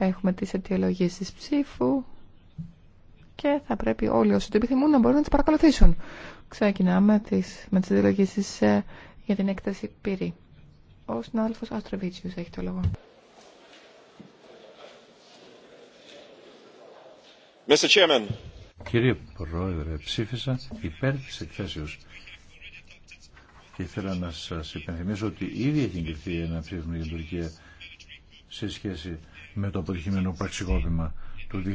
Έχουμε τις της ψήφου και θα πρέπει όλοι όσοι το επιθυμούν να μπορούν να τις παρακολουθήσουν. Ξεκινάμε τις, με τις ε, για την έκταση πυρή. Ο συνάδελφος Αστροβίτσιος έχει το λόγο. Mr. Chairman. Κύριε Πρόεδρε, ψήφισα υπέρ της εκθέσεως και ήθελα να σας υπενθυμίσω ότι ήδη έχει εγκριθεί ένα ψήφισμα για την Τουρκία σε σχέση με το αποτυχημένο πραξικόπημα του 2016.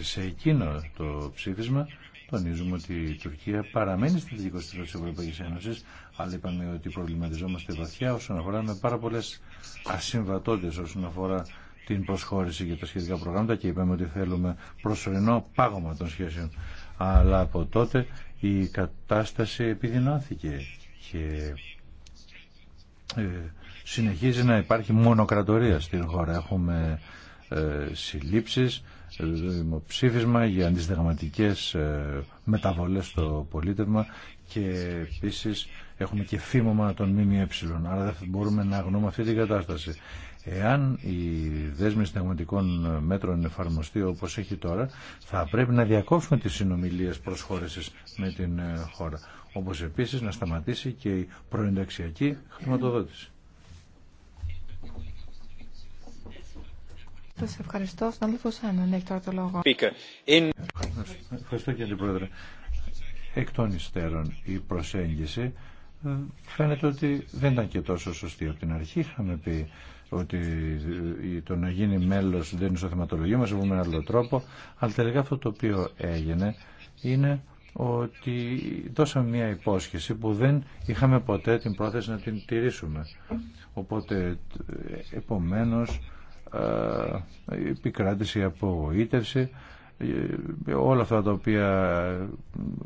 Σε εκείνο το ψήφισμα τονίζουμε ότι η Τουρκία παραμένει στη δικοστήρα της Ευρωπαϊκή Ένωση, αλλά είπαμε ότι προβληματιζόμαστε βαθιά όσον αφορά με πάρα πολλές ασυμβατότητες όσον αφορά την προσχώρηση για τα σχετικά προγράμματα και είπαμε ότι θέλουμε προσωρινό πάγωμα των σχέσεων. Αλλά από τότε η κατάσταση επιδεινώθηκε και ε, συνεχίζει να υπάρχει μονοκρατορία στην χώρα. Έχουμε ε, συλλήψεις, ε, δημοψήφισμα για αντισυνταγματικές ε, μεταβολές στο πολίτευμα και επίσης έχουμε και φήμωμα των ΜΜΕ. Άρα δεν μπορούμε να αγνοούμε αυτή την κατάσταση. Εάν η δέσμη συνταγματικών μέτρων εφαρμοστεί όπως έχει τώρα, θα πρέπει να διακόψουμε τις συνομιλίες προσχώρησης με την ε, χώρα. Όπως επίσης να σταματήσει και η προενταξιακή χρηματοδότηση. Σας ευχαριστώ. Συνάδελφος Άνων ναι, έχει τώρα το λόγο. Ευχαριστώ κύριε Πρόεδρε. Εκ των υστέρων η προσέγγιση ε, φαίνεται ότι δεν ήταν και τόσο σωστή. Από την αρχή είχαμε πει ότι ε, το να γίνει μέλος δεν είναι στο θεματολογείο μας, έχουμε έναν άλλο τρόπο, αλλά τελικά αυτό το οποίο έγινε είναι ότι δώσαμε μια υπόσχεση που δεν είχαμε ποτέ την πρόθεση να την τηρήσουμε. Οπότε, ε, επομένως, ε, επικράτηση, απογοήτευση ε, όλα αυτά τα οποία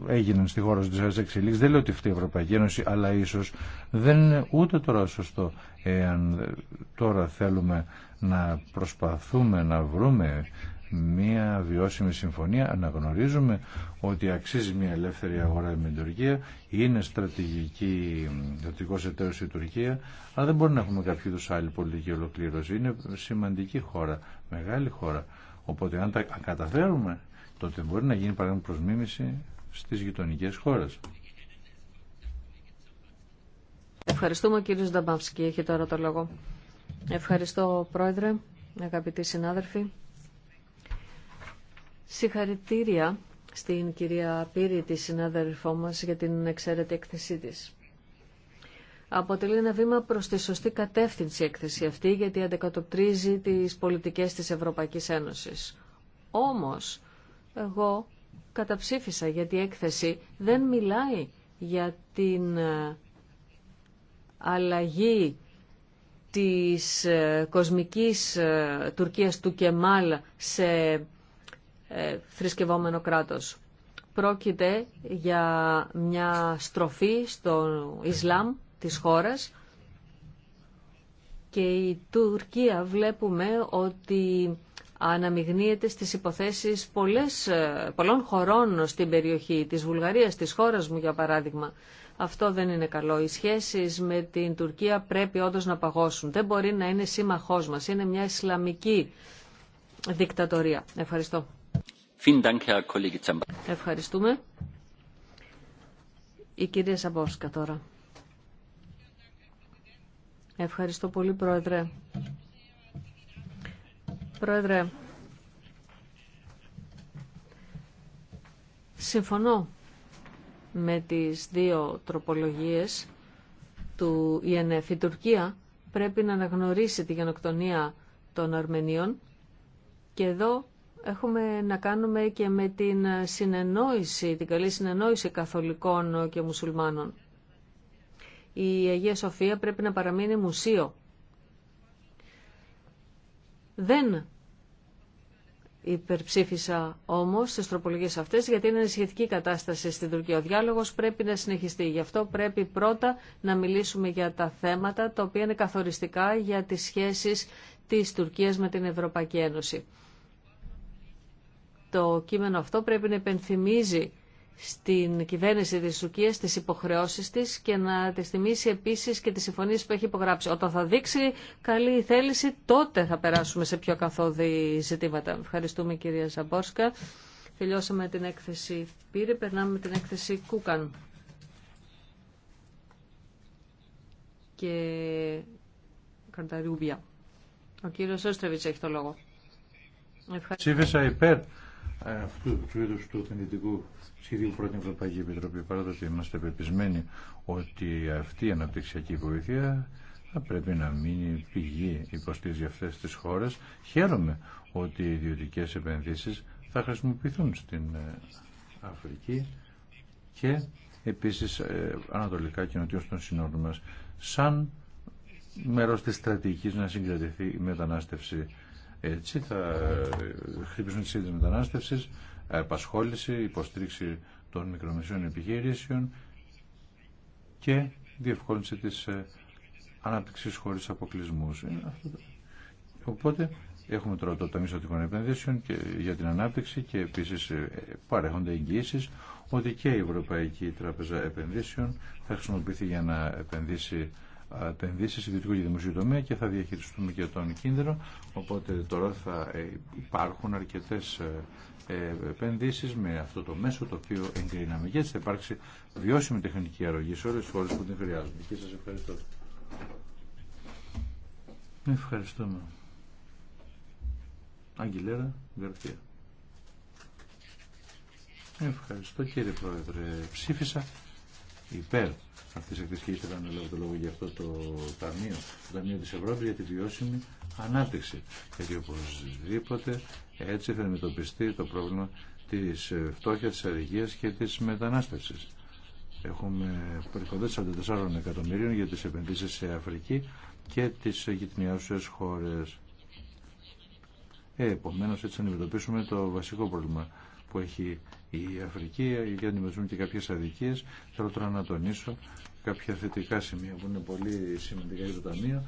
έγιναν στη χώρα της Εξελίξης δεν λέω ότι αυτή η Ευρωπαϊκή Ένωση αλλά ίσως δεν είναι ούτε τώρα σωστό εάν τώρα θέλουμε να προσπαθούμε να βρούμε μια βιώσιμη συμφωνία. Αναγνωρίζουμε ότι αξίζει μια ελεύθερη αγορά με την Τουρκία. Είναι στρατηγική δοτικό εταίρος η Τουρκία, αλλά δεν μπορεί να έχουμε κάποιο άλλη πολιτική ολοκλήρωση. Είναι σημαντική χώρα, μεγάλη χώρα. Οπότε αν τα καταφέρουμε, τότε μπορεί να γίνει παράδειγμα προσμίμηση στις γειτονικέ χώρες. Ευχαριστούμε κύριο Νταμπαύσκη. Έχει τώρα το λόγο. Ευχαριστώ πρόεδρε, αγαπητοί συνάδελφοι. Συγχαρητήρια στην κυρία Πύρη, τη συνάδελφό μας, για την εξαίρετη έκθεσή της. Αποτελεί ένα βήμα προς τη σωστή κατεύθυνση η έκθεση αυτή, γιατί αντεκατοπτρίζει τις πολιτικές της Ευρωπαϊκής Ένωσης. Όμως, εγώ καταψήφισα γιατί η έκθεση δεν μιλάει για την ε, αλλαγή της ε, κοσμικής ε, Τουρκίας του Κεμάλ σε ε, θρησκευόμενο κράτος. Πρόκειται για μια στροφή στο Ισλάμ της χώρας και η Τουρκία βλέπουμε ότι αναμειγνύεται στις υποθέσεις ε, πολλών χωρών στην περιοχή, της Βουλγαρίας, της χώρας μου για παράδειγμα. Αυτό δεν είναι καλό. Οι σχέσεις με την Τουρκία πρέπει όντως να παγώσουν. Δεν μπορεί να είναι σύμμαχός μας. Είναι μια Ισλαμική δικτατορία. Ευχαριστώ. Ευχαριστούμε. Η κυρία Σαμπόσκα τώρα. Ευχαριστώ πολύ, Πρόεδρε. Πρόεδρε, συμφωνώ με τις δύο τροπολογίες του ΙΕΝΕΦ. Η Τουρκία πρέπει να αναγνωρίσει τη γενοκτονία των Αρμενίων και εδώ έχουμε να κάνουμε και με την συνεννόηση, την καλή συνεννόηση καθολικών και μουσουλμάνων. Η Αγία Σοφία πρέπει να παραμείνει μουσείο. Δεν υπερψήφισα όμως τις τροπολογίες αυτές γιατί είναι σχετική κατάσταση στην Τουρκία. Ο διάλογος πρέπει να συνεχιστεί. Γι' αυτό πρέπει πρώτα να μιλήσουμε για τα θέματα τα οποία είναι καθοριστικά για τις σχέσεις της Τουρκίας με την Ευρωπαϊκή Ένωση το κείμενο αυτό πρέπει να υπενθυμίζει στην κυβέρνηση της Τουρκίας τις υποχρεώσεις της και να τη θυμίσει επίσης και τις συμφωνίες που έχει υπογράψει. Όταν θα δείξει καλή θέληση τότε θα περάσουμε σε πιο καθόδη ζητήματα. Ευχαριστούμε κυρία Ζαμπόρσκα. Τελειώσαμε την έκθεση Πύρη, περνάμε την έκθεση Κούκαν. Και Καρταρούμπια. Ο κύριος Όστρεβιτς έχει το λόγο. Ευχαριστώ αυτού του είδου του επενδυτικού σχεδίου πρώτη Ευρωπαϊκή Επιτροπή, παρά το ότι είμαστε πεπισμένοι ότι αυτή η αναπτυξιακή βοήθεια θα πρέπει να μείνει πηγή υποστήριξη για αυτέ τι χώρε. Χαίρομαι ότι οι ιδιωτικέ επενδύσει θα χρησιμοποιηθούν στην ε, Αφρική και επίσης ε, ανατολικά και νοτιώς των συνόρων μας σαν μέρος της στρατηγικής να συγκρατηθεί η μετανάστευση έτσι θα χτυπήσουν τη σύνδεση μετανάστευση, επασχόληση, υποστήριξη των μικρομεσαίων επιχειρήσεων και διευκόλυνση της ε, ανάπτυξη χωρίς αποκλεισμούς. Οπότε έχουμε τώρα το Ταμείο Στατικών Επενδύσεων για την ανάπτυξη και επίσης ε, παρέχονται εγγυήσει ότι και η Ευρωπαϊκή Τράπεζα Επενδύσεων θα χρησιμοποιηθεί για να επενδύσει επενδύσει σε ιδιωτικό και δημοσίου τομέα και θα διαχειριστούμε και τον κίνδυνο. Οπότε τώρα θα ε, υπάρχουν αρκετέ ε, ε, επενδύσει με αυτό το μέσο το οποίο εγκρίναμε. Και έτσι θα υπάρξει βιώσιμη τεχνική αρρωγή σε όλε τι χώρε που την χρειάζονται. Και σα ευχαριστώ. Ευχαριστούμε. Αγγιλέρα Γκαρτία. Ευχαριστώ κύριε Πρόεδρε. Ψήφισα υπέρ Αυτή τη εκδοχής και να λέω το λόγο για αυτό το Ταμείο, το Ταμείο της Ευρώπη για τη βιώσιμη ανάπτυξη. Γιατί οπωσδήποτε έτσι θα αντιμετωπιστεί το πρόβλημα τη φτώχεια τη αδικία και τη μετανάστευση. Έχουμε περίπου 44 εκατομμυρίων για τις επενδύσεις σε Αφρική και τις γειτονιάσουσες χώρες. Ε, επομένως έτσι θα αντιμετωπίσουμε το βασικό πρόβλημα που έχει η Αφρική για να αντιμετωπίσουμε και κάποιες αδικίες. Θέλω τώρα να τονίσω κάποια θετικά σημεία που είναι πολύ σημαντικά για το Ταμείο.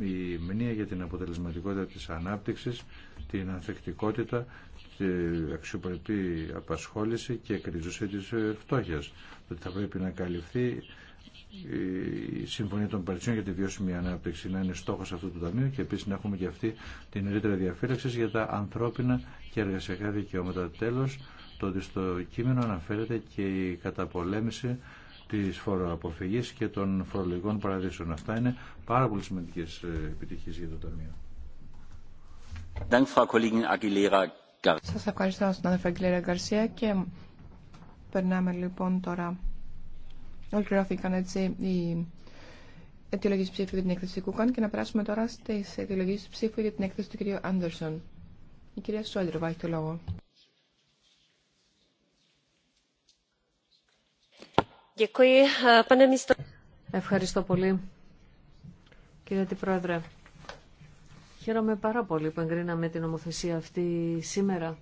Η μνήμα για την αποτελεσματικότητα της ανάπτυξης, την ανθεκτικότητα, την αξιοπρεπή απασχόληση και κρίζωση της ε, φτώχειας. Ότι θα πρέπει να καλυφθεί η Συμφωνία των Παρισιών για τη βιώσιμη ανάπτυξη να είναι στόχος αυτού του ταμείου και επίσης να έχουμε και αυτή την ιδιαίτερη διαφύλαξη για τα ανθρώπινα και εργασιακά δικαιώματα. Τέλος, το ότι στο κείμενο αναφέρεται και η καταπολέμηση της φοροαποφυγής και των φορολογικών παραδείσων. Αυτά είναι πάρα πολύ σημαντικές ε, επιτυχίες για το Ταμείο. Σας ευχαριστώ, κύριε Αγγιλέρα Γκαρσία και περνάμε λοιπόν τώρα Ολοκληρώθηκαν έτσι οι αιτιολογίε ψήφου για την έκθεση Κούκαν και να περάσουμε τώρα στι αιτιολογίε ψήφου για την έκθεση του κ. Άντερσον. Η κυρία Σόντροβα έχει το λόγο. Ευχαριστώ πολύ, κύριε Πρόεδρε. Χαίρομαι πάρα πολύ που εγκρίναμε την νομοθεσία αυτή σήμερα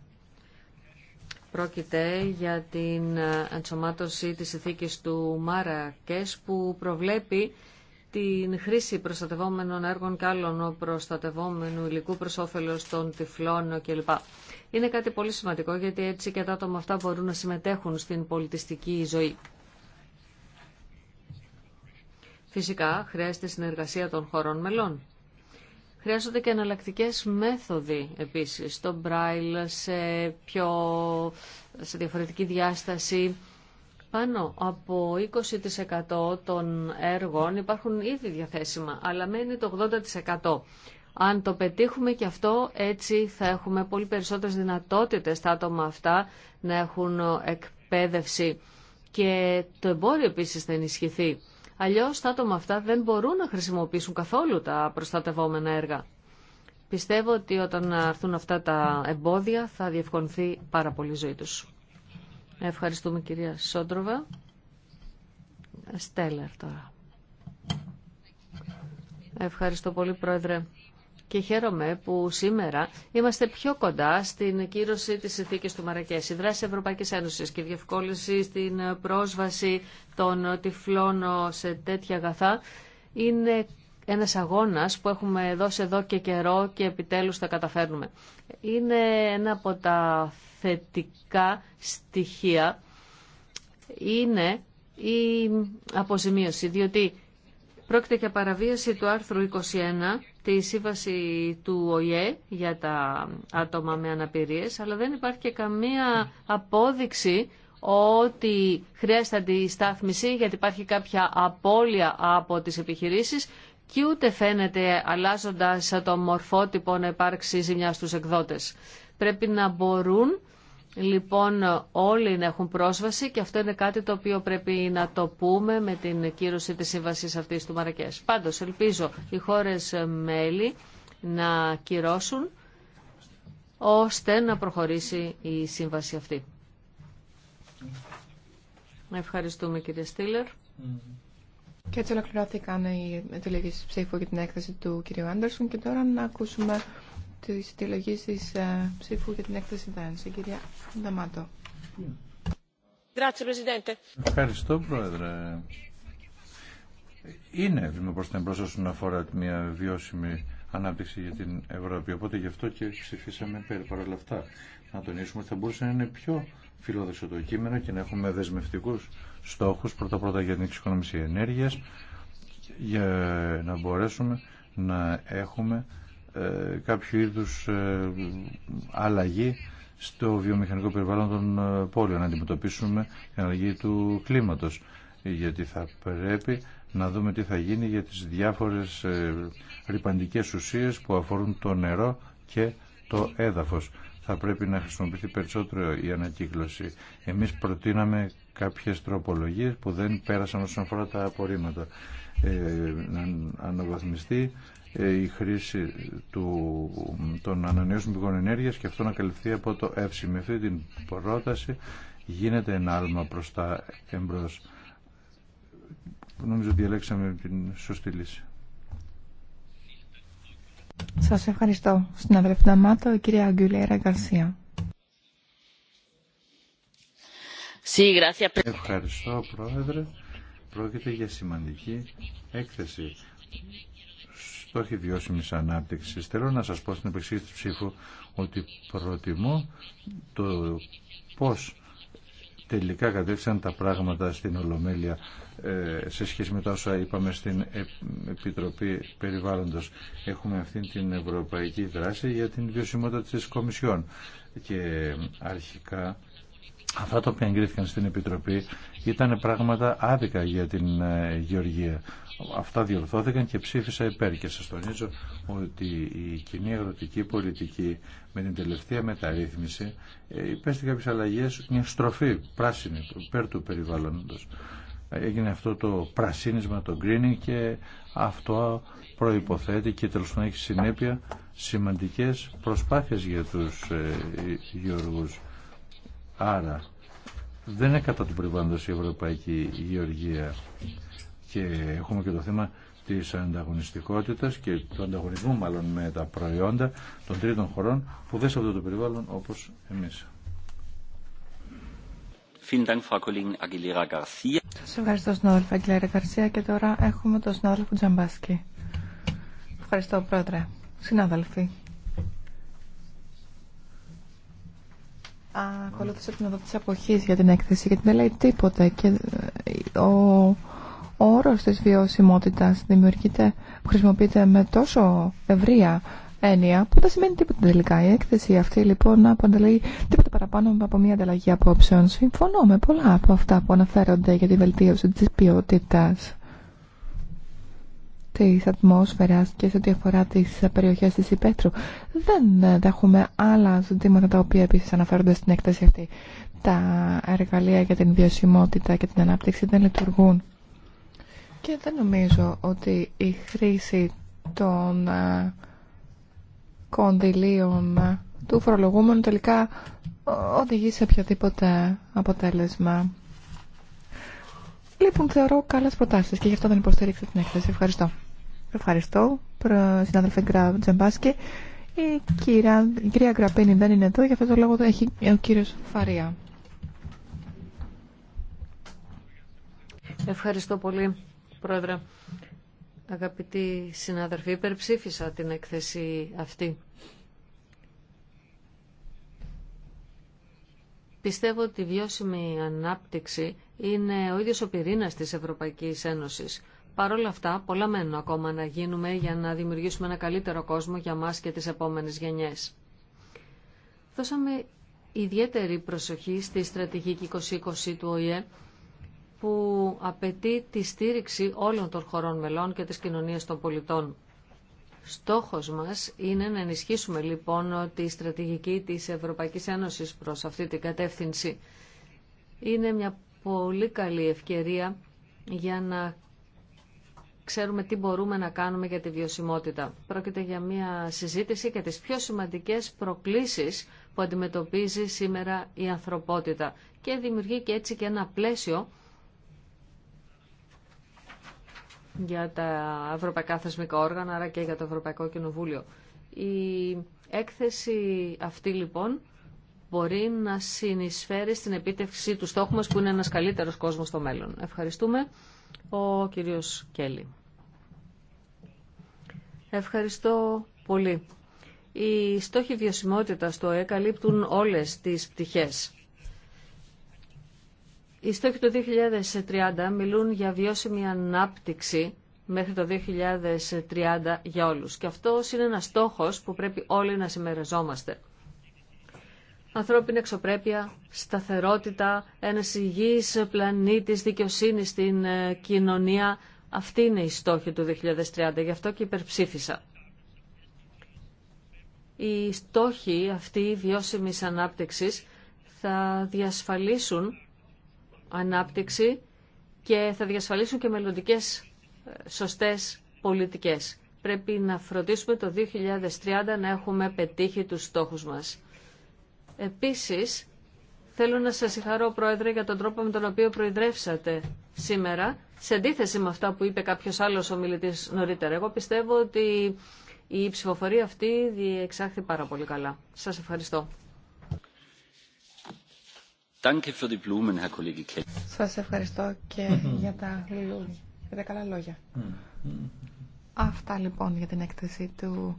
Πρόκειται για την ενσωμάτωση της ηθίκης του Μάρακες που προβλέπει την χρήση προστατευόμενων έργων και άλλων προστατευόμενου υλικού προς όφελος των τυφλών κλπ. Είναι κάτι πολύ σημαντικό γιατί έτσι και τα άτομα αυτά μπορούν να συμμετέχουν στην πολιτιστική ζωή. Φυσικά χρειάζεται συνεργασία των χωρών μελών Χρειάζονται και εναλλακτικέ μέθοδοι επίσης, στο Μπράιλ, σε, πιο, σε διαφορετική διάσταση. Πάνω από 20% των έργων υπάρχουν ήδη διαθέσιμα, αλλά μένει το 80%. Αν το πετύχουμε και αυτό, έτσι θα έχουμε πολύ περισσότερες δυνατότητες τα άτομα αυτά να έχουν εκπαίδευση και το εμπόριο επίσης θα ενισχυθεί. Αλλιώ τα άτομα αυτά δεν μπορούν να χρησιμοποιήσουν καθόλου τα προστατευόμενα έργα. Πιστεύω ότι όταν έρθουν αυτά τα εμπόδια θα διευκολυνθεί πάρα πολύ η ζωή τους. Ευχαριστούμε κυρία Σόντροβα. Στέλλερ τώρα. Ευχαριστώ πολύ πρόεδρε και χαίρομαι που σήμερα είμαστε πιο κοντά στην κύρωση της συνθήκη του Μαρακές. Η δράση Ευρωπαϊκής Ένωσης και η διευκόλυνση στην πρόσβαση των τυφλών σε τέτοια αγαθά είναι ένας αγώνας που έχουμε δώσει εδώ και καιρό και επιτέλους τα καταφέρνουμε. Είναι ένα από τα θετικά στοιχεία είναι η αποζημίωση, διότι πρόκειται για παραβίαση του άρθρου 21 τη σύμβαση του ΟΙΕ για τα άτομα με αναπηρίες, αλλά δεν υπάρχει και καμία απόδειξη ότι χρειάζεται αντιστάθμιση γιατί υπάρχει κάποια απώλεια από τις επιχειρήσεις και ούτε φαίνεται αλλάζοντας το μορφότυπο να υπάρξει ζημιά στους εκδότες. Πρέπει να μπορούν λοιπόν όλοι να έχουν πρόσβαση και αυτό είναι κάτι το οποίο πρέπει να το πούμε με την κύρωση της σύμβασης αυτής του Μαρακές. Πάντως ελπίζω οι χώρες μέλη να κυρώσουν ώστε να προχωρήσει η σύμβαση αυτή. Ευχαριστούμε κύριε Στήλερ. Και έτσι ολοκληρώθηκαν οι τελικέ ψήφου για την έκθεση του κυρίου Άντερσον και τώρα να ακούσουμε τη συντηλογή τη ε, ψήφου για την έκθεση δένση. κυρία Νταμάτο. Ευχαριστώ, Πρόεδρε. Είναι βήμα προ την εμπρό όσον αφορά μια βιώσιμη ανάπτυξη για την Ευρώπη. Οπότε γι' αυτό και ψηφίσαμε υπέρ όλα αυτά. Να τονίσουμε ότι θα μπορούσε να είναι πιο φιλόδοξο το κείμενο και να έχουμε δεσμευτικού στόχου πρώτα-πρώτα για την εξοικονόμηση ενέργεια για να μπορέσουμε να έχουμε ε, κάποιο είδους ε, αλλαγή στο βιομηχανικό περιβάλλον των ε, πόλεων, να αντιμετωπίσουμε την αλλαγή του κλίματος, γιατί θα πρέπει να δούμε τι θα γίνει για τις διάφορες ρηπαντικές ουσίες που αφορούν το νερό και το έδαφος. Θα πρέπει να χρησιμοποιηθεί περισσότερο η ανακύκλωση. Εμείς προτείναμε κάποιες τροπολογίες που δεν πέρασαν όσον αφορά τα απορρίμματα. Ε, να αναβαθμιστεί ε, η χρήση του, των ανανεώσιμων πηγών ενέργειας και αυτό να καλυφθεί από το ΕΦΣΙ. Με αυτή την πρόταση γίνεται ένα άλμα προς τα εμπρός. Νομίζω διαλέξαμε την σωστή λύση. Σας ευχαριστώ. Στην αδερφή μάτω, η κυρία Αγγιουλέρα Γκαρσία. Ευχαριστώ, Πρόεδρε. Πρόκειται για σημαντική έκθεση στόχοι βιώσιμη ανάπτυξη. Θέλω να σα πω στην επεξήγηση του ψήφου ότι προτιμώ το πώ τελικά κατέληξαν τα πράγματα στην Ολομέλεια ε, σε σχέση με τα όσα είπαμε στην Επιτροπή Περιβάλλοντος. Έχουμε αυτή την ευρωπαϊκή δράση για την βιωσιμότητα της Κομισιόν. Και αρχικά αυτά τα οποία εγκρίθηκαν στην Επιτροπή ήταν πράγματα άδικα για την ε, γεωργία. Αυτά διορθώθηκαν και ψήφισα υπέρ και σας τονίζω ότι η κοινή αγροτική πολιτική με την τελευταία μεταρρύθμιση ε, υπέστη κάποιες αλλαγές, μια στροφή πράσινη υπέρ του περιβάλλοντος. Έγινε αυτό το πρασίνισμα, το greening και αυτό προϋποθέτει και τέλος να έχει συνέπεια σημαντικές προσπάθειες για τους ε, γεωργούς Άρα δεν είναι κατά του περιβάλλοντος η Ευρωπαϊκή Γεωργία και έχουμε και το θέμα της ανταγωνιστικότητας και του ανταγωνισμού μάλλον με τα προϊόντα των τρίτων χωρών που δεν σε αυτό το περιβάλλον όπως εμείς. Σας ευχαριστώ συνάδελφα Αγγιλέρα Γκαρσία και τώρα έχουμε τον συνάδελφο Τζαμπάσκι. Ευχαριστώ πρόεδρε. Συνάδελφοι, Ακολούθησε την οδό τη αποχής για την έκθεση γιατί δεν λέει τίποτα και ο ε, ο όρος της βιωσιμότητας δημιουργείται, χρησιμοποιείται με τόσο ευρεία έννοια που δεν σημαίνει τίποτα τελικά. Η έκθεση αυτή λοιπόν αποτελεί τίποτα παραπάνω από μια ανταλλαγή απόψεων. Συμφωνώ με πολλά από αυτά που αναφέρονται για τη βελτίωση της ποιότητας της ατμόσφαιρας και σε ό,τι αφορά τις περιοχές της Υπέτρου. Ε, δεν έχουμε άλλα ζητήματα τα οποία επίσης αναφέρονται στην έκθεση αυτή. Τα εργαλεία για την βιωσιμότητα και την ανάπτυξη δεν λειτουργούν. Και δεν νομίζω ότι η χρήση των ε, κονδυλίων ε, του φορολογούμενου τελικά οδηγεί σε οποιοδήποτε αποτέλεσμα. Λοιπόν, θεωρώ καλές προτάσεις και γι' αυτό δεν υποστήριξα την έκθεση. Ευχαριστώ. Ευχαριστώ, συνάδελφε Τζεμπάσκη. Η, κυρία, η κυρία Γκραπίνη δεν είναι εδώ, γι' αυτό το λόγο έχει ο κύριος Φαρία. Ευχαριστώ πολύ, Πρόεδρε. Αγαπητοί συνάδελφοι, υπερψήφισα την έκθεση αυτή. Πιστεύω ότι η βιώσιμη ανάπτυξη είναι ο ίδιος ο πυρήνας της Ευρωπαϊκής Ένωσης. Παρ' όλα αυτά, πολλά μένουν ακόμα να γίνουμε για να δημιουργήσουμε ένα καλύτερο κόσμο για μας και τις επόμενες γενιές. Δώσαμε ιδιαίτερη προσοχή στη στρατηγική 2020 του ΟΗΕ που απαιτεί τη στήριξη όλων των χωρών μελών και της κοινωνίας των πολιτών. Στόχος μας είναι να ενισχύσουμε λοιπόν τη στρατηγική της Ευρωπαϊκής Ένωσης προς αυτή την κατεύθυνση. Είναι μια πολύ καλή ευκαιρία για να ξέρουμε τι μπορούμε να κάνουμε για τη βιωσιμότητα. Πρόκειται για μια συζήτηση για τις πιο σημαντικές προκλήσεις που αντιμετωπίζει σήμερα η ανθρωπότητα και δημιουργεί και έτσι και ένα πλαίσιο για τα ευρωπαϊκά θεσμικά όργανα, άρα και για το Ευρωπαϊκό Κοινοβούλιο. Η έκθεση αυτή λοιπόν μπορεί να συνεισφέρει στην επίτευξη του στόχου μας που είναι ένας καλύτερος κόσμος στο μέλλον. Ευχαριστούμε ο κύριος Κέλλη. Ευχαριστώ πολύ. Οι στόχοι βιωσιμότητας στο ΟΕ καλύπτουν όλες τις πτυχές. Οι στόχοι του 2030 μιλούν για βιώσιμη ανάπτυξη μέχρι το 2030 για όλους. Και αυτό είναι ένας στόχος που πρέπει όλοι να συμμεριζόμαστε. Ανθρώπινη εξωπρέπεια, σταθερότητα, ένας υγιής πλανήτης, δικαιοσύνη στην ε, κοινωνία, αυτή είναι η στόχη του 2030, γι' αυτό και υπερψήφισα. Οι στόχοι αυτή βιώσιμης ανάπτυξης θα διασφαλίσουν ανάπτυξη και θα διασφαλίσουν και μελλοντικές ε, σωστές πολιτικές. Πρέπει να φροντίσουμε το 2030 να έχουμε πετύχει τους στόχους μας. Επίσης, Θέλω να σας συγχαρώ, Πρόεδρε, για τον τρόπο με τον οποίο προεδρεύσατε σήμερα, σε αντίθεση με αυτά που είπε κάποιος άλλος ομιλητής νωρίτερα. Εγώ πιστεύω ότι η ψηφοφορία αυτή διεξάχθη πάρα πολύ καλά. Σας ευχαριστώ. Σας ευχαριστώ και mm-hmm. για τα, για τα καλά λόγια. Mm-hmm. Αυτά λοιπόν για την έκθεση του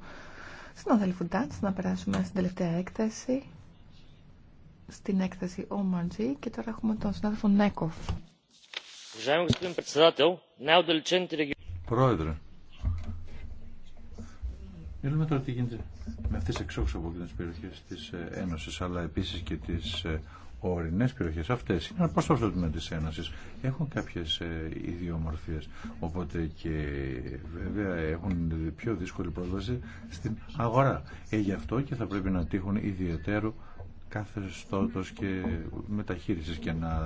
συναδελφού Ντάτς. Να περάσουμε στην τελευταία έκθεση στην έκθεση Ομαντζή και τώρα έχουμε τον συνάδελφο Νέκοφ. Πρόεδρε, μιλούμε τώρα τι γίνεται με αυτές τις εξόχους από τις περιοχές της ε, Ένωσης, αλλά επίσης και τις ε, ορεινέ περιοχές αυτές είναι πώς το ζήτημα της Ένωσης. Έχουν κάποιες ε, ιδιομορφίες, οπότε και βέβαια έχουν πιο δύσκολη πρόσβαση στην αγορά. Ε, γι' αυτό και θα πρέπει να τύχουν ιδιαίτερου κάθε καθεστώτος και μεταχείρισης και να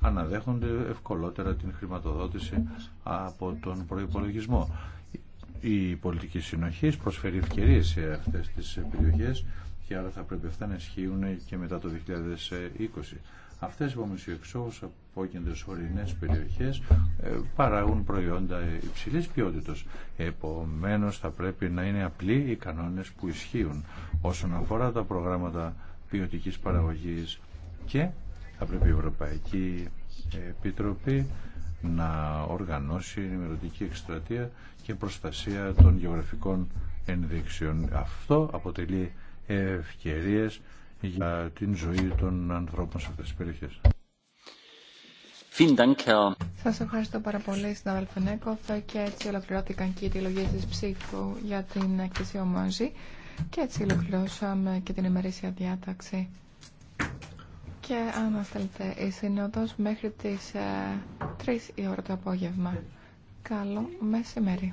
αναδέχονται ευκολότερα την χρηματοδότηση από τον προϋπολογισμό. Η πολιτική συνοχή προσφέρει ευκαιρίες σε αυτές τις περιοχές και άρα θα πρέπει αυτά να ισχύουν και μετά το 2020. Αυτές οι από κεντρες ορεινές περιοχές ε, παράγουν προϊόντα υψηλής ποιότητας. Επομένως θα πρέπει να είναι απλοί οι κανόνες που ισχύουν όσον αφορά τα προγράμματα ποιοτικής παραγωγής και θα πρέπει η Ευρωπαϊκή Επιτροπή να οργανώσει ενημερωτική εκστρατεία και προστασία των γεωγραφικών ενδείξεων. Αυτό αποτελεί ευκαιρίες για την ζωή των ανθρώπων σε αυτές τις περιοχές. Σα ευχαριστώ πάρα πολύ, συνάδελφε Νέκοφ, και έτσι ολοκληρώθηκαν και οι επιλογέ τη ψήφου για την εκκλησία Μόζη. Και έτσι ολοκληρώσαμε και την ημερήσια διάταξη. Και θέλετε, η σύνοδος μέχρι τις 3 ε, η ώρα το απόγευμα. Καλό μεσημέρι.